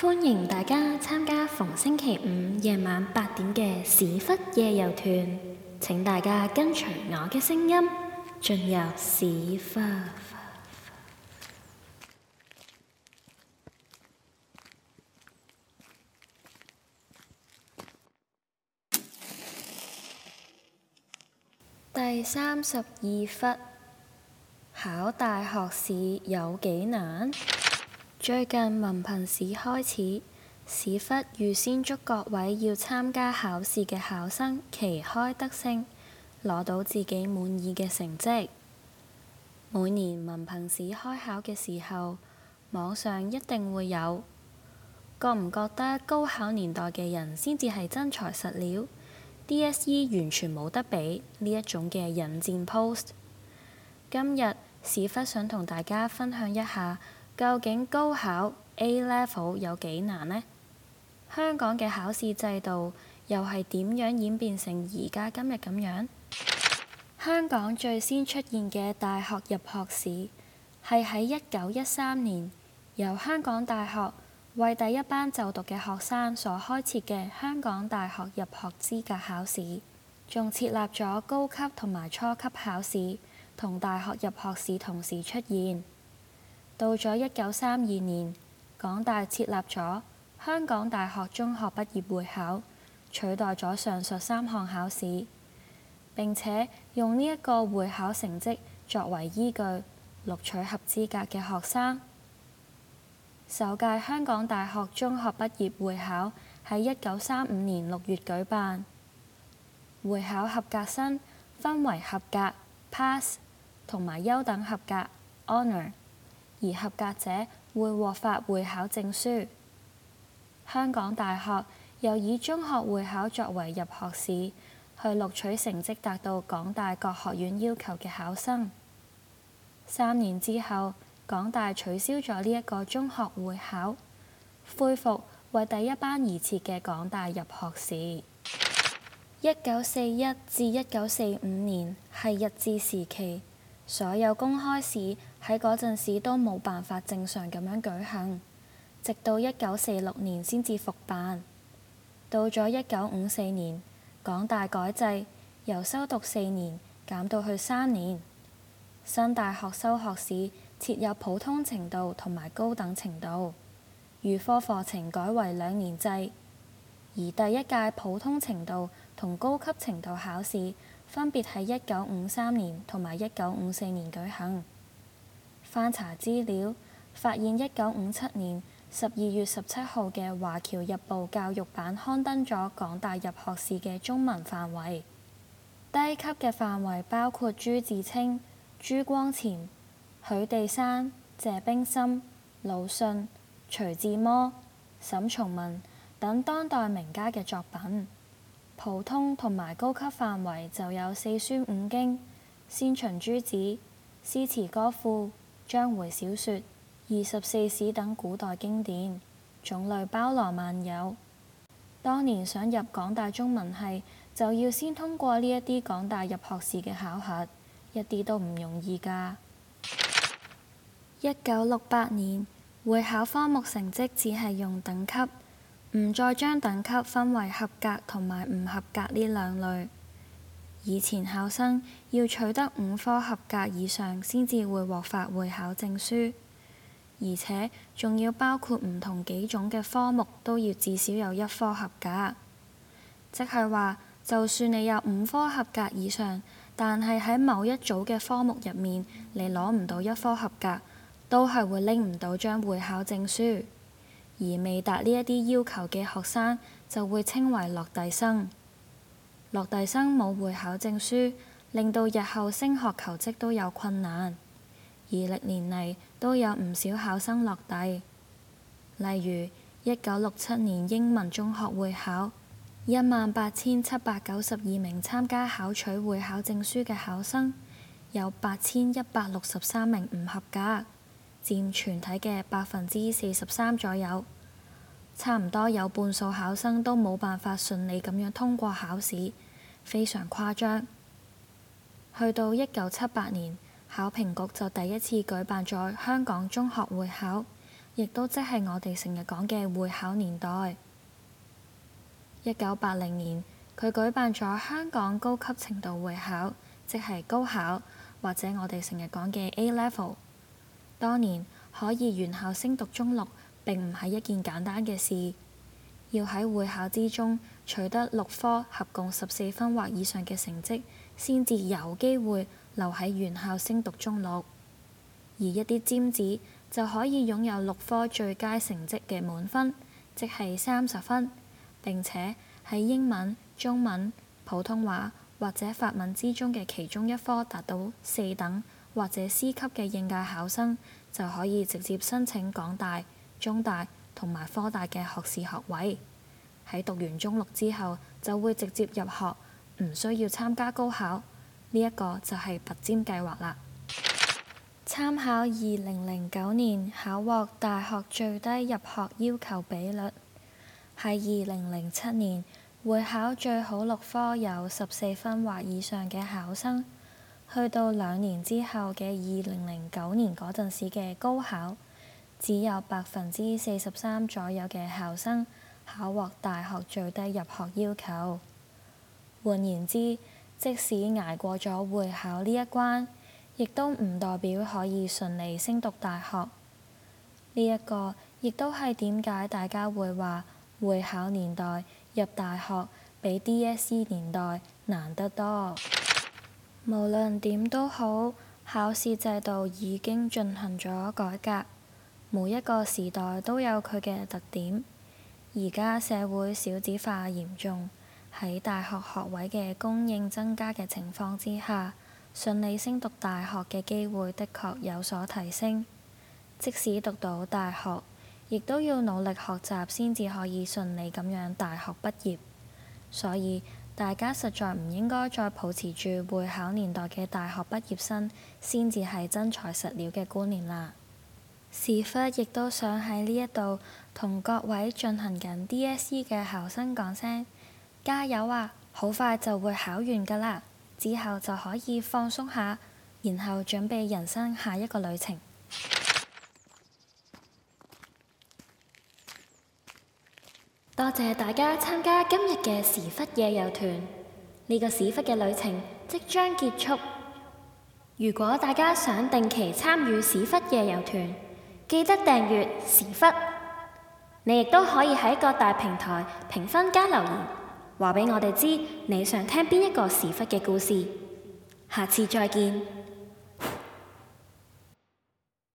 歡迎大家參加逢星期五夜晚八點嘅史窟夜遊團。請大家跟隨我嘅聲音，進入史窟。第三十二窟，考大學試有幾難？最近文憑試開始，史窟預先祝各位要參加考試嘅考生旗開得勝，攞到自己滿意嘅成績。每年文憑試開考嘅時候，網上一定會有，覺唔覺得高考年代嘅人先至係真材實料，DSE 完全冇得比呢一種嘅引戰 post。今日史窟想同大家分享一下。究竟高考 A Level 有幾難呢？香港嘅考試制度又係點樣演變成而家今日咁樣？香港最先出現嘅大學入學試係喺一九一三年由香港大學為第一班就讀嘅學生所開設嘅香港大學入學資格考試，仲設立咗高級同埋初級考試，同大學入學試同時出現。到咗一九三二年，港大設立咗香港大學中學畢業會考，取代咗上述三項考試，並且用呢一個會考成績作為依據錄取合資格嘅學生。首屆香港大學中學畢業會考喺一九三五年六月舉辦，會考合格生分為合格 （pass） 同埋優等合格 h o n o r 而合格者會獲發會考證書。香港大學又以中學會考作為入學試，去錄取成績達到港大各學院要求嘅考生。三年之後，港大取消咗呢一個中學會考，恢復為第一班而設嘅港大入學試。一九四一至一九四五年係日治時期，所有公開試喺嗰陣時都冇辦法正常咁樣舉行，直到一九四六年先至復辦。到咗一九五四年，港大改制，由修讀四年減到去三年。新大學修學士設有普通程度同埋高等程度，預科課程改為兩年制。而第一屆普通程度同高級程度考試分別喺一九五三年同埋一九五四年舉行。翻查資料，發現一九五七年十二月十七號嘅《華僑日報》教育版刊登咗港大入學試嘅中文範圍。低級嘅範圍包括朱自清、朱光潛、許地山、謝冰心、魯迅、徐志摩、沈從文等當代名家嘅作品。普通同埋高級範圍就有四書五經、先秦諸子、詩詞歌賦、章回小說、二十四史等古代經典，種類包羅萬有。當年想入港大中文系，就要先通過呢一啲港大入學試嘅考核，一啲都唔容易㗎。一九六八年，會考科目成績只係用等級，唔再將等級分為合格同埋唔合格呢兩類。以前考生要取得五科合格以上，先至會獲發會考證書，而且仲要包括唔同幾種嘅科目，都要至少有一科合格。即係話，就算你有五科合格以上，但係喺某一組嘅科目入面，你攞唔到一科合格，都係會拎唔到張會考證書。而未達呢一啲要求嘅學生，就會稱為落第生。落第生冇會考證書，令到日後升學求職都有困難。而歷年嚟都有唔少考生落第，例如一九六七年英文中學會考，一萬八千七百九十二名參加考取會考證書嘅考生，有八千一百六十三名唔合格，佔全體嘅百分之四十三左右。差唔多有半數考生都冇辦法順利咁樣通過考試，非常誇張。去到一九七八年，考評局就第一次舉辦咗香港中學會考，亦都即係我哋成日講嘅會考年代。一九八零年，佢舉辦咗香港高級程度會考，即係高考或者我哋成日講嘅 A level。當年可以原校升讀中六。並唔係一件簡單嘅事，要喺會考之中取得六科合共十四分或以上嘅成績，先至有機會留喺原校升讀中六。而一啲尖子就可以擁有六科最佳成績嘅滿分，即係三十分。並且喺英文、中文、普通話或者法文之中嘅其中一科達到四等或者 C 級嘅應屆考生，就可以直接申請港大、中大同埋科大嘅學士學位，喺讀完中六之後就會直接入學，唔需要參加高考。呢一個就係拔尖計劃啦。參考二零零九年考獲大學最低入學要求比率，係二零零七年會考最好六科有十四分或以上嘅考生，去到兩年之後嘅二零零九年嗰陣時嘅高考，只有百分之四十三左右嘅考生考獲大學最低入學要求。換言之，即使捱過咗會考呢一關，亦都唔代表可以順利升讀大學。呢一個亦都係點解大家會話會考年代入大學比 DSE 年代難得多。無論點都好，考試制度已經進行咗改革。每一個時代都有佢嘅特點。而家社會少子化嚴重，喺大學學位嘅供應增加嘅情況之下，順利升讀大學嘅機會的確有所提升。即使讀到大學，亦都要努力學習先至可以順利咁樣大學畢業。所以大家實在唔應該再抱持住會考年代嘅大學畢業生先至係真材實料嘅觀念啦。史窟亦都想喺呢一度同各位進行緊 DSE 嘅考生講聲加油啊！好快就會考完㗎啦，之後就可以放鬆下，然後準備人生下一個旅程。多謝大家參加今日嘅史窟夜遊團，呢個史窟嘅旅程即將結束。如果大家想定期參與史窟夜遊團，記得訂閱史窟，你亦都可以喺各大平台評分加留言，話俾我哋知你想聽邊一個史窟嘅故事。下次再見。